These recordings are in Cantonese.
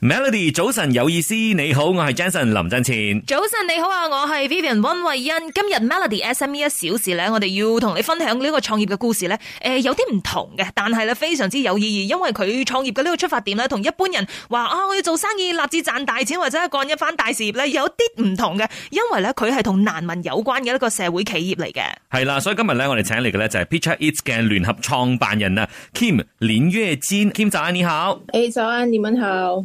Melody 早晨有意思，你好，我係 Jason 林振前。早晨你好啊，我係 Vivian 溫慧欣。今日 Melody SME 一小時咧，我哋要同你分享呢個創業嘅故事咧。誒、呃，有啲唔同嘅，但係咧非常之有意義，因為佢創業嘅呢個出發點咧，同一般人話啊、哦、我要做生意立志賺大錢或者係幹一番大事業咧，有啲唔同嘅，因為咧佢係同難民有關嘅一個社會企業嚟嘅。係啦，所以今日咧我哋請嚟嘅咧就係 Picha Eats 嘅 c 聯合創辦人啊 Kim 林月堅，Kim 早安你好。誒早安你們好。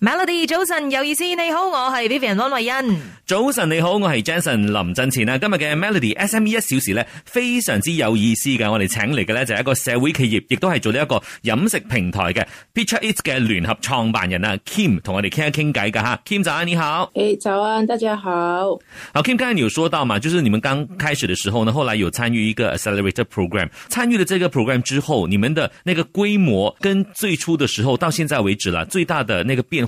Melody 早晨有意思，你好，我係 Vivian 安慧欣。早晨你好，我係 Jason 林振前啊。今日嘅 Melody SME 一小時咧非常之有意思嘅，我哋請嚟嘅咧就係一個社會企業，亦都係做呢一個飲食平台嘅 Picha Eats 嘅聯合創辦人啊 Kim 同我哋傾一傾偈噶吓。Kim 早安，你好。誒早安，大家好。好，Kim 剛才你有說到嘛，就是你們剛開始的時候呢，後來有參與一個 Accelerator Program，參與了這個 program 之後，你們的那個規模跟最初的時候到現在為止啦，最大的那個變。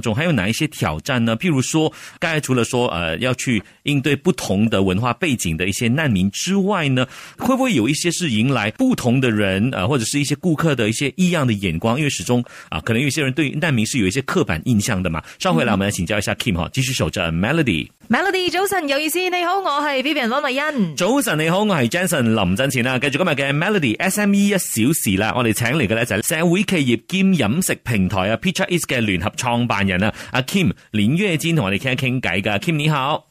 仲還有哪一些挑戰呢？譬如說，剛才除了說，呃，要去應對不同的文化背景的一些難民之外呢，會不會有一些是迎來不同的人，啊、呃，或者是一些顧客的一些異樣的眼光？因為始終，啊、呃，可能有些人對難民是有一些刻板印象的嘛。上回來、嗯、我們請教一下 Kim 嗬，繼續守着 Melody。Melody，早晨，有意思，你好，我係 Vivian 溫麗欣。早晨，你好，我係 Janson 林振前啊，繼續今日嘅 Melody S M E 一小時啦，我哋請嚟嘅咧就係、社會企業兼飲食平台啊 Picha Eats 嘅聯合創辦人啦，啊，阿 Kim 林月金同我哋傾一傾偈噶，Kim 你好。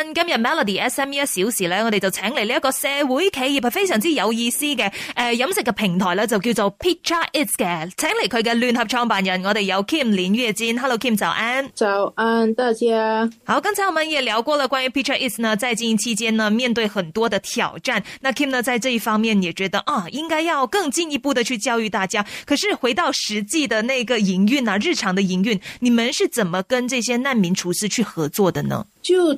今日 Melody SME 一小時咧，我哋就請嚟呢一個社會企業啊，非常之有意思嘅誒、呃，飲食嘅平台咧，就叫做 Picha Eats 嘅，請嚟佢嘅聯合創辦人，我哋有 Kim 連月戰，Hello Kim 早安。早安大家。好，剛才我們也聊過了關於 Picha Eats 呢，在經營期間呢，面對很多的挑戰，那 Kim 呢，在這一方面也覺得啊、哦，應該要更進一步的去教育大家。可是回到實際的那個營運啊，日常的營運，你們是怎麼跟這些難民廚師去合作的呢？就